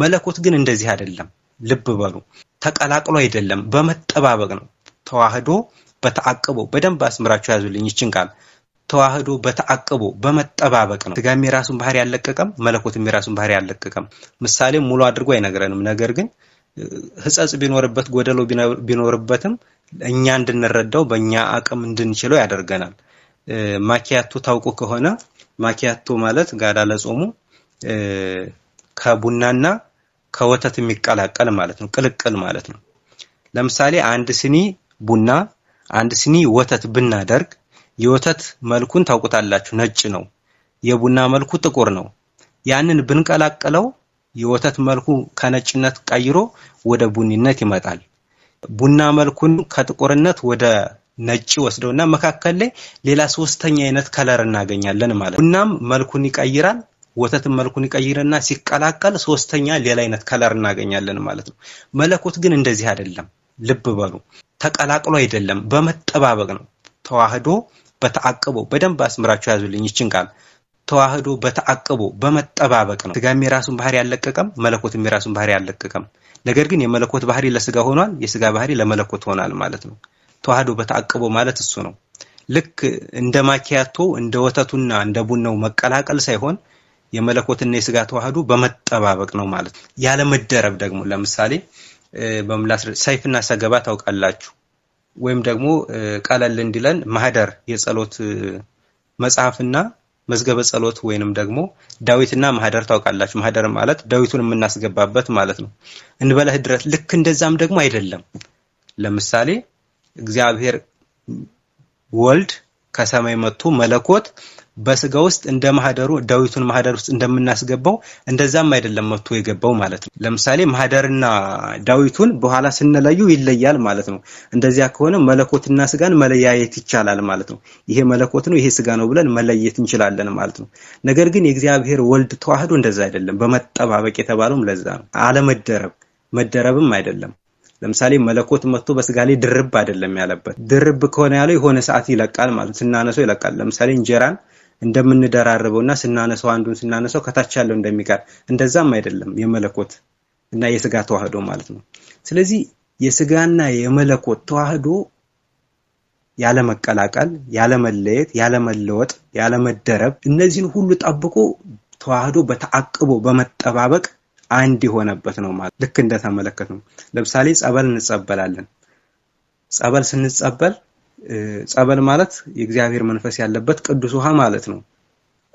መለኮት ግን እንደዚህ አይደለም። ልብ በሉ፣ ተቀላቅሎ አይደለም፣ በመጠባበቅ ነው። ተዋህዶ በተአቅቦ በደንብ አስምራችሁ ያዙልኝ ይችን ቃል ተዋህዶ በተአቅቦ በመጠባበቅ ነው። ስጋም የራሱን ባህሪ ያለቀቀም፣ መለኮትም የራሱን ባህሪ ያለቀቀም። ምሳሌ ሙሉ አድርጎ አይነግረንም። ነገር ግን ሕጸጽ ቢኖርበት ጎደሎ ቢኖርበትም እኛ እንድንረዳው በእኛ አቅም እንድንችለው ያደርገናል። ማኪያቶ ታውቁ ከሆነ ማኪያቶ ማለት ጋዳ ለጾሙ ከቡናና ከወተት የሚቀላቀል ማለት ነው። ቅልቅል ማለት ነው። ለምሳሌ አንድ ስኒ ቡና፣ አንድ ስኒ ወተት ብናደርግ የወተት መልኩን ታውቁታላችሁ፣ ነጭ ነው። የቡና መልኩ ጥቁር ነው። ያንን ብንቀላቅለው የወተት መልኩ ከነጭነት ቀይሮ ወደ ቡኒነት ይመጣል። ቡና መልኩን ከጥቁርነት ወደ ነጭ ወስደውና መካከል ላይ ሌላ ሶስተኛ አይነት ከለር እናገኛለን ማለት ቡናም መልኩን ይቀይራል። ወተትን መልኩን ይቀይርና ሲቀላቀል ሶስተኛ ሌላ አይነት ከለር እናገኛለን ማለት ነው። መለኮት ግን እንደዚህ አይደለም። ልብ በሉ ተቀላቅሎ አይደለም፣ በመጠባበቅ ነው። ተዋህዶ በተአቅቦ በደንብ አስምራችሁ ያዙልኝ ይችን ቃል ተዋህዶ በተአቅቦ በመጠባበቅ ነው። ስጋ የራሱን ባህሪ አልለቀቀም፣ መለኮት የራሱን ባህሪ አልለቀቀም። ነገር ግን የመለኮት ባህሪ ለስጋ ሆኗል፣ የስጋ ባህሪ ለመለኮት ሆኗል ማለት ነው። ተዋህዶ በተአቅቦ ማለት እሱ ነው። ልክ እንደ ማኪያቶ እንደ ወተቱና እንደ ቡናው መቀላቀል ሳይሆን የመለኮትና የስጋ ተዋህዶ በመጠባበቅ ነው ማለት ነው። ያለመደረብ ደግሞ ለምሳሌ ሰይፍና ሰገባ ታውቃላችሁ። ወይም ደግሞ ቀለል እንዲለን ማህደር የጸሎት መጽሐፍና መዝገበ ጸሎት ወይንም ደግሞ ዳዊትና ማህደር ታውቃላችሁ። ማህደር ማለት ዳዊቱን የምናስገባበት ማለት ነው። እንበለ ህድረት ልክ እንደዛም ደግሞ አይደለም። ለምሳሌ እግዚአብሔር ወልድ ከሰማይ መጥቶ መለኮት በስጋ ውስጥ እንደ ማህደሩ ዳዊቱን ማህደር ውስጥ እንደምናስገባው እንደዛም አይደለም መጥቶ የገባው ማለት ነው። ለምሳሌ ማህደርና ዳዊቱን በኋላ ስንለዩ ይለያል ማለት ነው። እንደዚያ ከሆነ መለኮትና ስጋን መለያየት ይቻላል ማለት ነው። ይሄ መለኮት ነው፣ ይሄ ስጋ ነው ብለን መለየት እንችላለን ማለት ነው። ነገር ግን የእግዚአብሔር ወልድ ተዋህዶ እንደዛ አይደለም። በመጠባበቅ የተባለውም ለዛ ነው። አለመደረብ መደረብም አይደለም። ለምሳሌ መለኮት መጥቶ በስጋ ላይ ድርብ አይደለም ያለበት። ድርብ ከሆነ ያለው የሆነ ሰዓት ይለቃል ማለት ስናነሰው ይለቃል። ለምሳሌ እንጀራን እንደምንደራርበው እና ስናነሰው አንዱን ስናነሰው ከታች ያለው እንደሚቀር እንደዛም አይደለም የመለኮት እና የስጋ ተዋህዶ ማለት ነው። ስለዚህ የስጋና የመለኮት ተዋህዶ ያለመቀላቀል፣ ያለመለየት፣ ያለመለወጥ፣ ያለመደረብ እነዚህን ሁሉ ጠብቆ ተዋህዶ በተአቅቦ በመጠባበቅ አንድ የሆነበት ነው ማለት ልክ እንደተመለከት ነው። ለምሳሌ ጸበል እንጸበላለን። ጸበል ስንጸበል ጸበል ማለት የእግዚአብሔር መንፈስ ያለበት ቅዱስ ውሃ ማለት ነው።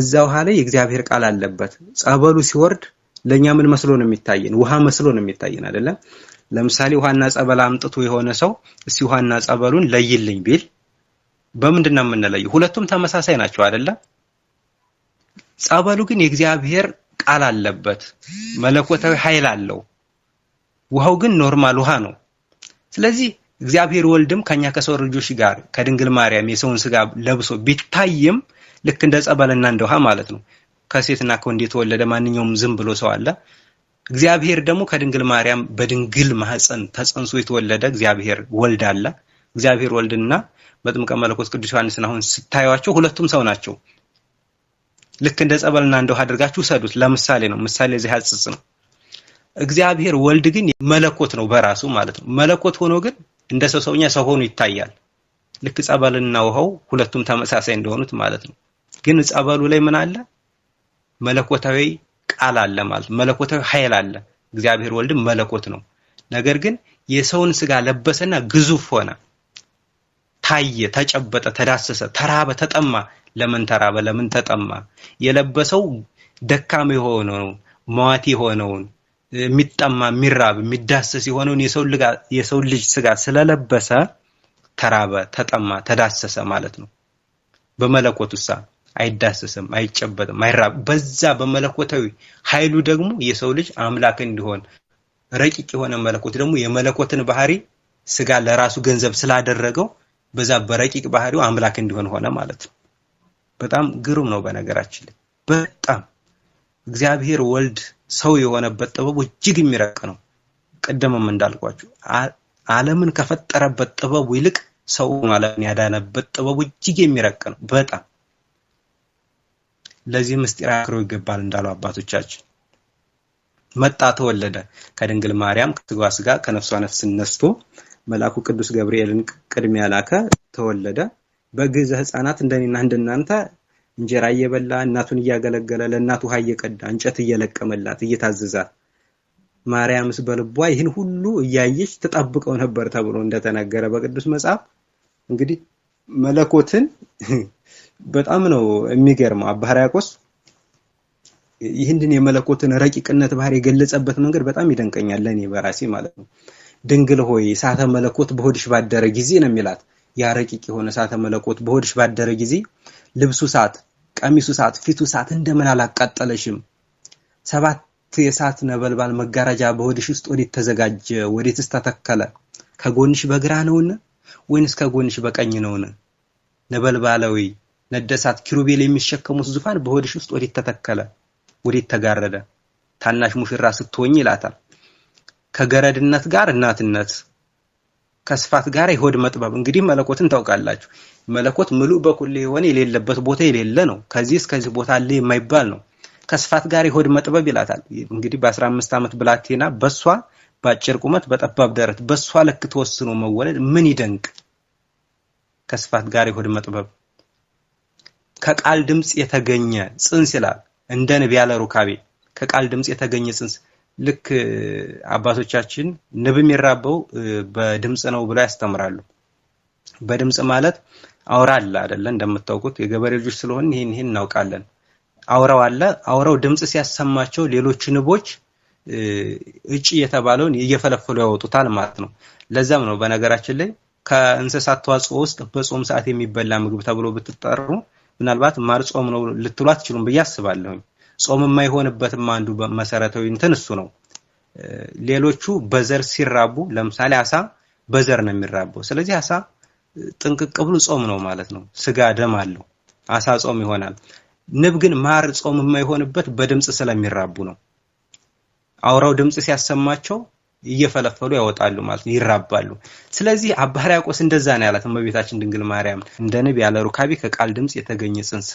እዛ ውሃ ላይ የእግዚአብሔር ቃል አለበት። ጸበሉ ሲወርድ ለኛ ምን መስሎ ነው የሚታየን? ውሃ መስሎ ነው የሚታየን አይደለም። ለምሳሌ ውሃና ጸበል አምጥቶ የሆነ ሰው እስቲ ውሃና ጸበሉን ለይልኝ ቢል በምንድን ነው የምንለየው? ሁለቱም ተመሳሳይ ናቸው አይደለም። ጸበሉ ግን የእግዚአብሔር ቃል አለበት፣ መለኮታዊ ኃይል አለው። ውሃው ግን ኖርማል ውሃ ነው። ስለዚህ እግዚአብሔር ወልድም ከኛ ከሰው ልጆች ጋር ከድንግል ማርያም የሰውን ስጋ ለብሶ ቢታይም ልክ እንደ ጸበልና እንደ ውሃ ማለት ነው። ከሴትና ከወንድ የተወለደ ማንኛውም ዝም ብሎ ሰው አለ። እግዚአብሔር ደግሞ ከድንግል ማርያም በድንግል ማህፀን ተጸንሶ የተወለደ እግዚአብሔር ወልድ አለ። እግዚአብሔር ወልድና በጥምቀ መለኮት ቅዱስ ዮሐንስን አሁን ስታዩቸው ሁለቱም ሰው ናቸው። ልክ እንደ ጸበልና እንደ ውሃ አድርጋችሁ ሰዱት። ለምሳሌ ነው። ምሳሌ እዚህ አጽጽ ነው። እግዚአብሔር ወልድ ግን መለኮት ነው በራሱ ማለት ነው። መለኮት ሆኖ ግን እንደ ሰው ሰውኛ ሰው ሆኖ ይታያል። ልክ ጸበልና ውሃው ሁለቱም ተመሳሳይ እንደሆኑት ማለት ነው። ግን ጸበሉ ላይ ምን አለ? መለኮታዊ ቃል አለ ማለት መለኮታዊ ኃይል አለ። እግዚአብሔር ወልድ መለኮት ነው። ነገር ግን የሰውን ስጋ ለበሰና ግዙፍ ሆነ፣ ታየ፣ ተጨበጠ፣ ተዳሰሰ፣ ተራበ፣ ተጠማ። ለምን ተራበ? ለምን ተጠማ? የለበሰው ደካማ የሆነውን ሟት የሆነውን የሚጠማ የሚራብ የሚዳሰስ የሆነውን የሰው ልጅ ስጋ ስለለበሰ ተራበ፣ ተጠማ፣ ተዳሰሰ ማለት ነው። በመለኮት ውሳ አይዳሰስም፣ አይጨበጥም፣ አይራብ። በዛ በመለኮታዊ ኃይሉ ደግሞ የሰው ልጅ አምላክ እንዲሆን ረቂቅ የሆነ መለኮት ደግሞ የመለኮትን ባህሪ ስጋ ለራሱ ገንዘብ ስላደረገው በዛ በረቂቅ ባህሪው አምላክ እንዲሆን ሆነ ማለት ነው። በጣም ግሩም ነው። በነገራችን ላይ በጣም እግዚአብሔር ወልድ ሰው የሆነበት ጥበቡ እጅግ የሚረቅ ነው። ቅድምም እንዳልኳችሁ ዓለምን ከፈጠረበት ጥበቡ ይልቅ ሰውን ዓለምን ያዳነበት ጥበቡ እጅግ የሚረቅ ነው። በጣም ለዚህ ምስጢር አክሮ ይገባል እንዳሉ አባቶቻችን መጣ ተወለደ ከድንግል ማርያም ከስጋ ስጋ ከነፍሷ ነፍስ ነስቶ መልአኩ ቅዱስ ገብርኤልን ቅድሚያ ላከ ተወለደ በግዘ ህፃናት እንደኔና እንደናንተ እንጀራ እየበላ እናቱን እያገለገለ ለእናቱ ውሃ እየቀዳ እንጨት እየለቀመላት እየታዘዛት ማርያምስ በልቧ ይህን ሁሉ እያየች ተጣብቀው ነበር ተብሎ እንደተነገረ በቅዱስ መጽሐፍ። እንግዲህ መለኮትን በጣም ነው የሚገርመው። አባ ሕርያቆስ ይህንን የመለኮትን ረቂቅነት ባህሪ የገለጸበት መንገድ በጣም ይደንቀኛል፣ ለእኔ በራሴ ማለት ነው። ድንግል ሆይ እሳተ መለኮት በሆድሽ ባደረ ጊዜ ነው የሚላት። ያ ረቂቅ የሆነ እሳተ መለኮት በሆድሽ ባደረ ጊዜ ልብሱ እሳት ቀሚሱ እሳት፣ ፊቱ እሳት እንደምን አላቃጠለሽም? ሰባት የእሳት ነበልባል መጋረጃ በሆድሽ ውስጥ ወዴት ተዘጋጀ? ወዴትስ ተተከለ? ከጎንሽ በግራ ነውን ወይንስ ከጎንሽ በቀኝ ነውን? ነበልባላዊ ነደሳት ኪሩቤል የሚሸከሙት ዙፋን በሆድሽ ውስጥ ወዴት ተተከለ? ወዴት ተጋረደ? ታናሽ ሙሽራ ስትሆኝ ይላታል ከገረድነት ጋር እናትነት ከስፋት ጋር የሆድ መጥበብ እንግዲህ መለኮትን ታውቃላችሁ። መለኮት ሙሉ በኩል የሆነ የሌለበት ቦታ የሌለ ነው። ከዚህ እስከዚህ ቦታ አለ የማይባል ነው። ከስፋት ጋር የሆድ መጥበብ ይላታል። እንግዲህ በ15 ዓመት ብላቴና በሷ በአጭር ቁመት በጠባብ ደረት በሷ ልክ ተወስኖ መወለድ ምን ይደንቅ! ከስፋት ጋር የሆድ መጥበብ ከቃል ድምፅ የተገኘ ጽንስ ይላል እንደ ንብ ያለ ሩካቤ ከቃል ድምፅ የተገኘ ጽንስ ልክ አባቶቻችን ንብ የሚራበው በድምፅ ነው ብለው ያስተምራሉ። በድምፅ ማለት አውራ አለ አይደለ? እንደምታውቁት የገበሬ ልጆች ስለሆን ይህን ይህን እናውቃለን። አውራው አለ። አውራው ድምፅ ሲያሰማቸው ሌሎች ንቦች እጭ የተባለውን እየፈለፈሉ ያወጡታል ማለት ነው። ለዛም ነው በነገራችን ላይ ከእንስሳት ተዋጽኦ ውስጥ በጾም ሰዓት የሚበላ ምግብ ተብሎ ብትጠሩ ምናልባት ማርጾም ነው ልትሉ አትችሉም ብዬ አስባለሁኝ። ጾም የማይሆንበትም አንዱ መሰረታዊ እንትን እሱ ነው። ሌሎቹ በዘር ሲራቡ ለምሳሌ አሳ በዘር ነው የሚራበው። ስለዚህ አሳ ጥንቅቅ ብሎ ጾም ነው ማለት ነው። ስጋ ደም አለው አሳ ጾም ይሆናል። ንብ ግን ማር ጾም የማይሆንበት በድምፅ ስለሚራቡ ነው። አውራው ድምፅ ሲያሰማቸው እየፈለፈሉ ያወጣሉ ማለት ነው፣ ይራባሉ። ስለዚህ አባ ሕርያቆስ እንደዛ ነው ያላት እመቤታችን ድንግል ማርያም እንደ ንብ ያለ ሩካቤ ከቃል ድምፅ የተገኘ ጽንስ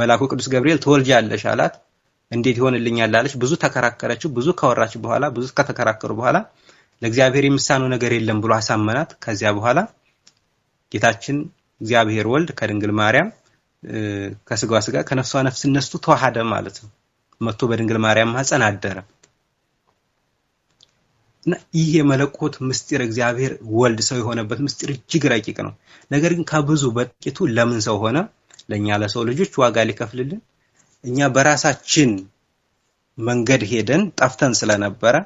መልአኩ ቅዱስ ገብርኤል ትወልጃለሽ አላት። እንዴት ይሆንልኛል አለች። ብዙ ተከራከረችው። ብዙ ካወራች በኋላ ብዙ ከተከራከሩ በኋላ ለእግዚአብሔር የሚሳነው ነገር የለም ብሎ አሳመናት። ከዚያ በኋላ ጌታችን እግዚአብሔር ወልድ ከድንግል ማርያም ከስጋዋ ስጋ ከነፍሷ ነፍስ እነስቱ ተዋሃደ ማለት ነው። መጥቶ በድንግል ማርያም ማህፀን አደረ። እና ይህ የመለኮት ምስጢር እግዚአብሔር ወልድ ሰው የሆነበት ምስጢር እጅግ ረቂቅ ነው። ነገር ግን ከብዙ በጥቂቱ ለምን ሰው ሆነ ለእኛ ለሰው ልጆች ዋጋ ሊከፍልልን እኛ በራሳችን መንገድ ሄደን ጠፍተን ስለነበረ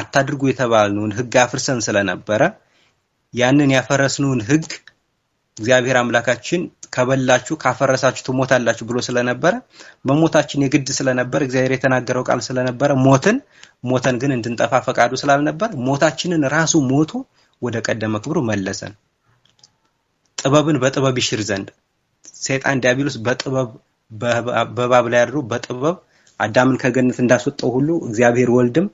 አታድርጉ የተባልነውን ሕግ አፍርሰን ስለነበረ ያንን ያፈረስነውን ሕግ እግዚአብሔር አምላካችን ከበላችሁ ካፈረሳችሁ ትሞታላችሁ ብሎ ስለነበረ መሞታችን የግድ ስለነበር እግዚአብሔር የተናገረው ቃል ስለነበረ ሞትን ሞተን ግን እንድንጠፋ ፈቃዱ ስላልነበር ሞታችንን ራሱ ሞቶ ወደ ቀደመ ክብሩ መለሰን ጥበብን በጥበብ ይሽር ዘንድ ሰይጣን ዲያብሎስ በጥበብ በእባብ ላይ አድሮ በጥበብ አዳምን ከገነት እንዳስወጣው ሁሉ እግዚአብሔር ወልድም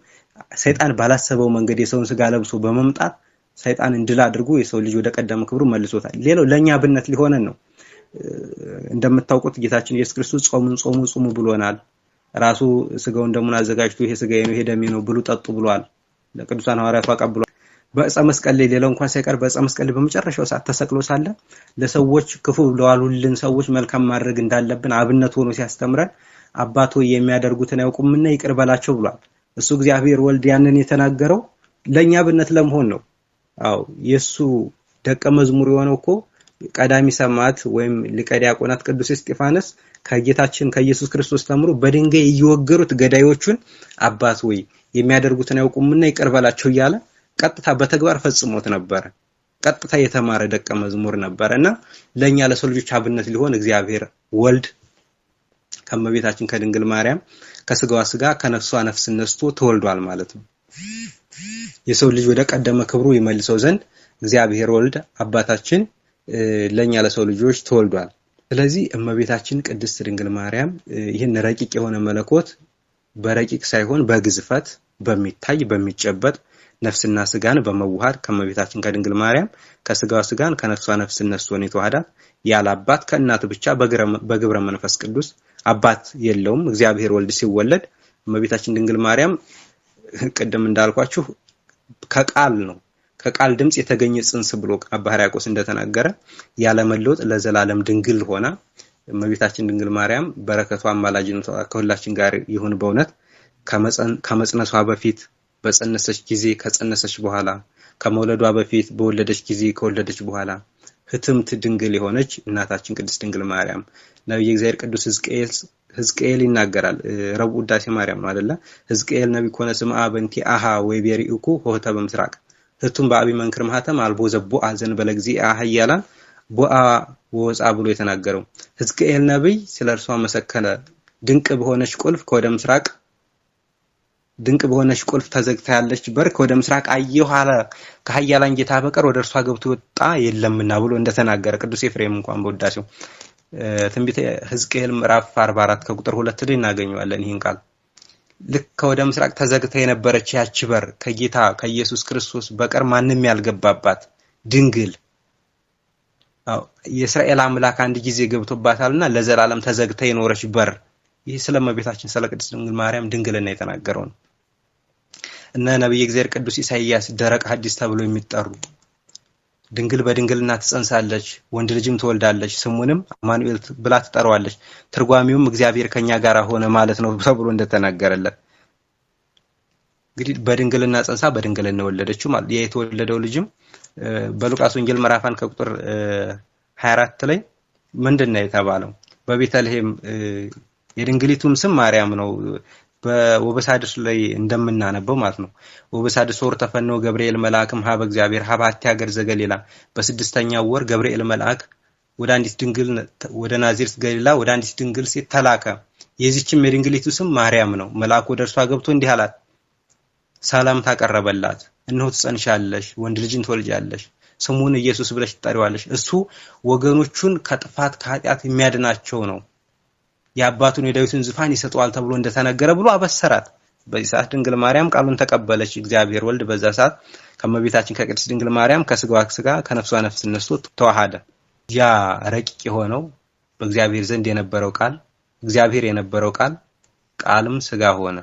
ሰይጣን ባላሰበው መንገድ የሰውን ስጋ ለብሶ በመምጣት ሰይጣን እንድላ አድርጎ የሰው ልጅ ወደ ቀደመ ክብሩ መልሶታል። ሌላው ለኛ ብነት ሊሆነን ነው። እንደምታውቁት ጌታችን ኢየሱስ ክርስቶስ ጾሙን ጾሙ ጹሙ ብሎናል። ራሱ ስጋውን ደሙን አዘጋጅቶ ይሄ ስጋዬ ነው ይሄ ደሜ ነው ብሉ ጠጡ ብሏል። ለቅዱሳን ሐዋርያቱ አቀብሏል። በዕፀ መስቀል ላይ ሌላው እንኳን ሳይቀር በዕፀ መስቀል ላይ በመጨረሻው ሰዓት ተሰቅሎ ሳለ ለሰዎች ክፉ ለዋሉልን ሰዎች መልካም ማድረግ እንዳለብን አብነት ሆኖ ሲያስተምረን አባቶ የሚያደርጉትን አያውቁምና ይቅር በላቸው ብሏል። እሱ እግዚአብሔር ወልድ ያንን የተናገረው ለኛ አብነት ለመሆን ነው። አዎ የሱ ደቀ መዝሙር የሆነው እኮ ቀዳሚ ሰማዕት ወይም ሊቀ ዲያቆናት ቅዱስ እስጢፋኖስ ከጌታችን ከኢየሱስ ክርስቶስ ተምሮ በድንጋይ እየወገሩት ገዳዮቹን አባት ወይ የሚያደርጉትን አያውቁምና ይቅር በላቸው እያለ ቀጥታ በተግባር ፈጽሞት ነበረ። ቀጥታ የተማረ ደቀ መዝሙር ነበረ እና ለእኛ ለሰው ልጆች አብነት ሊሆን እግዚአብሔር ወልድ ከመቤታችን ከድንግል ማርያም ከስጋዋ ስጋ ከነፍሷ ነፍስ ነስቶ ተወልዷል ማለት ነው። የሰው ልጅ ወደ ቀደመ ክብሩ ይመልሰው ዘንድ እግዚአብሔር ወልድ አባታችን ለኛ ለሰው ልጆች ተወልዷል። ስለዚህ እመቤታችን ቅድስት ድንግል ማርያም ይህን ረቂቅ የሆነ መለኮት በረቂቅ ሳይሆን በግዝፈት በሚታይ በሚጨበጥ ነፍስና ስጋን በመዋሃድ ከመቤታችን ከድንግል ማርያም ከስጋዋ ስጋን ከነፍሷ ነፍስ ነፍሱን የተዋሃዳት ያለ አባት ከእናት ብቻ በግብረ መንፈስ ቅዱስ አባት የለውም። እግዚአብሔር ወልድ ሲወለድ እመቤታችን ድንግል ማርያም ቅድም እንዳልኳችሁ ከቃል ነው ከቃል ድምፅ የተገኘ ጽንስ ብሎ አባ ሕርያቆስ እንደተናገረ ያለመለወጥ ለዘላለም ድንግል ሆና እመቤታችን ድንግል ማርያም በረከቷ አማላጅነቷ ከሁላችን ጋር ይሁን። በእውነት ከመጽነሷ በፊት በጸነሰች ጊዜ፣ ከጸነሰች በኋላ፣ ከመውለዷ በፊት፣ በወለደች ጊዜ፣ ከወለደች በኋላ ህትምት ድንግል የሆነች እናታችን ቅድስት ድንግል ማርያም ነቢየ እግዚአብሔር ቅዱስ ህዝቅኤል ይናገራል። ረቡዕ ውዳሴ ማርያም ነው አደለ? ህዝቅኤል ነቢ ኮነ ስምአ በንቲ አሃ ወይ ቤሪእኩ ሆህተ በምስራቅ ህቱም በአቢ መንክር ማህተም አልቦ ዘቦ አዘን በለ ጊዜ አሃ እያላ ቦአ ወፃ ብሎ የተናገረው ህዝቅኤል ነቢይ ስለ እርሷ መሰከለ ድንቅ በሆነች ቁልፍ ከወደ ምስራቅ ድንቅ በሆነች ቁልፍ ተዘግታ ያለች በር ወደ ምስራቅ አየ አለ። ከኃያላን ጌታ በቀር ወደ እርሷ ገብቶ ወጣ የለምና ብሎ እንደተናገረ ቅዱስ ኤፍሬም እንኳን በውዳሴው ትንቢተ ሕዝቅኤል ምዕራፍ 44 ከቁጥር ሁለት ላይ እናገኘዋለን ይህን ቃል። ልክ ከወደ ምስራቅ ተዘግታ የነበረች ያች በር ከጌታ ከኢየሱስ ክርስቶስ በቀር ማንም ያልገባባት ድንግል የእስራኤል አምላክ አንድ ጊዜ ገብቶባታልና ለዘላለም ተዘግታ የኖረች በር ይህ ስለ እመቤታችን ስለ ቅድስት ድንግል ማርያም ድንግልና የተናገረው ነው። እነ ነቢይ እግዚአብሔር ቅዱስ ኢሳይያስ ደረቅ ሐዲስ ተብሎ የሚጠሩ ድንግል በድንግልና ትጸንሳለች፣ ወንድ ልጅም ትወልዳለች፣ ስሙንም አማኑኤል ብላ ትጠራዋለች፣ ትርጓሚውም እግዚአብሔር ከኛ ጋር ሆነ ማለት ነው ተብሎ እንደተናገረለት እንግዲህ በድንግልና ጸንሳ በድንግልና ወለደችው ማለት የተወለደው ልጅም በሉቃስ ወንጌል ምዕራፋን ከቁጥር 24 ላይ ምንድን ነው የተባለው? በቤተልሔም የድንግሊቱም ስም ማርያም ነው በወበሳድስ ላይ እንደምናነበው ማለት ነው። ወበሳድስ ወር ተፈነው ገብርኤል መልአክም ሀበ እግዚአብሔር ሀባቴ ሀገር ዘገሊላ በስድስተኛው ወር ገብርኤል መልአክ ወደ አንዲት ድንግል ወደ ናዚርስ ገሊላ ወደ አንዲት ድንግል ሴት ተላከ። የዚችም የድንግሊቱ ስም ማርያም ነው። መልአኩ ወደ እርሷ ገብቶ እንዲህ አላት፣ ሰላም ታቀረበላት። እነሆ ትጸንሻለሽ፣ ወንድ ልጅን ትወልጃለሽ ስሙን ኢየሱስ ብለሽ ትጠሪዋለሽ። እሱ ወገኖቹን ከጥፋት ከኃጢአት የሚያድናቸው ነው የአባቱን የዳዊትን ዙፋን ይሰጠዋል ተብሎ እንደተነገረ ብሎ አበሰራት። በዚህ ሰዓት ድንግል ማርያም ቃሉን ተቀበለች። እግዚአብሔር ወልድ በዛ ሰዓት ከመቤታችን ከቅድስት ድንግል ማርያም ከስጋዋ ስጋ ከነፍሷ ነፍስ ነስቶ ተዋሃደ። ያ ረቂቅ የሆነው በእግዚአብሔር ዘንድ የነበረው ቃል እግዚአብሔር የነበረው ቃል ቃልም ስጋ ሆነ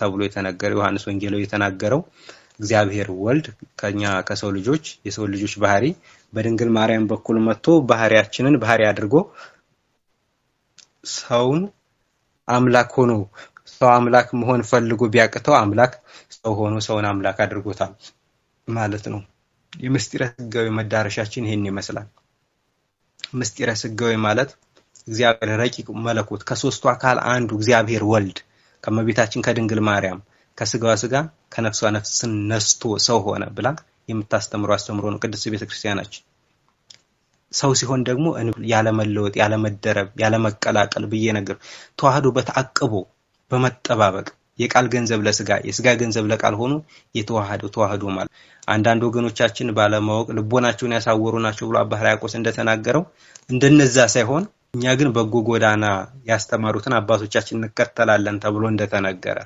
ተብሎ የተነገረው ዮሐንስ ወንጌላዊ የተናገረው እግዚአብሔር ወልድ ከኛ ከሰው ልጆች የሰው ልጆች ባህሪ በድንግል ማርያም በኩል መጥቶ ባህሪያችንን ባህሪ አድርጎ ሰውን አምላክ ሆኖ ሰው አምላክ መሆን ፈልጎ ቢያቅተው አምላክ ሰው ሆኖ ሰውን አምላክ አድርጎታል ማለት ነው። የምስጢረ ስጋዊ መዳረሻችን ይሄን ይመስላል። ምስጢረ ስጋዊ ማለት እግዚአብሔር ረቂቅ መለኮት ከሶስቱ አካል አንዱ እግዚአብሔር ወልድ ከመቤታችን ከድንግል ማርያም ከስጋዋ ስጋ ከነፍሷ ነፍስን ነስቶ ሰው ሆነ ብላ የምታስተምረው አስተምሮ ነው ቅድስት ቤተክርስቲያናችን። ሰው ሲሆን ደግሞ ያለመለወጥ፣ ያለመደረብ፣ ያለመቀላቀል ብዬ ነገር ተዋህዶ በተአቅቦ በመጠባበቅ የቃል ገንዘብ ለስጋ የስጋ ገንዘብ ለቃል ሆኖ የተዋህደው ተዋህዶ ማለት አንዳንድ ወገኖቻችን ባለማወቅ ልቦናቸውን ያሳወሩ ናቸው ብሎ አባ ሕርያቆስ እንደተናገረው እንደነዛ ሳይሆን እኛ ግን በጎ ጎዳና ያስተማሩትን አባቶቻችን እንከተላለን ተብሎ እንደተነገረ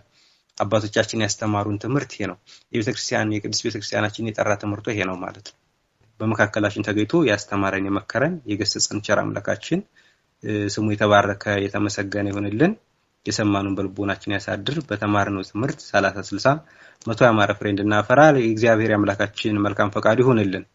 አባቶቻችን ያስተማሩን ትምህርት ይሄ ነው። የቤተክርስቲያን የቅዱስ ቤተክርስቲያናችን የጠራ ትምህርቶ ይሄ ነው ማለት ነው። በመካከላችን ተገኝቶ ያስተማረን የመከረን የገሰጸን ቸር አምላካችን ስሙ የተባረከ የተመሰገነ ይሆንልን። የሰማኑን በልቦናችን ያሳድር። በተማርነው ትምህርት ሰላሳ ስልሳ መቶ ያማረ ፍሬ እንድናፈራ የእግዚአብሔር አምላካችን መልካም ፈቃዱ ይሆንልን።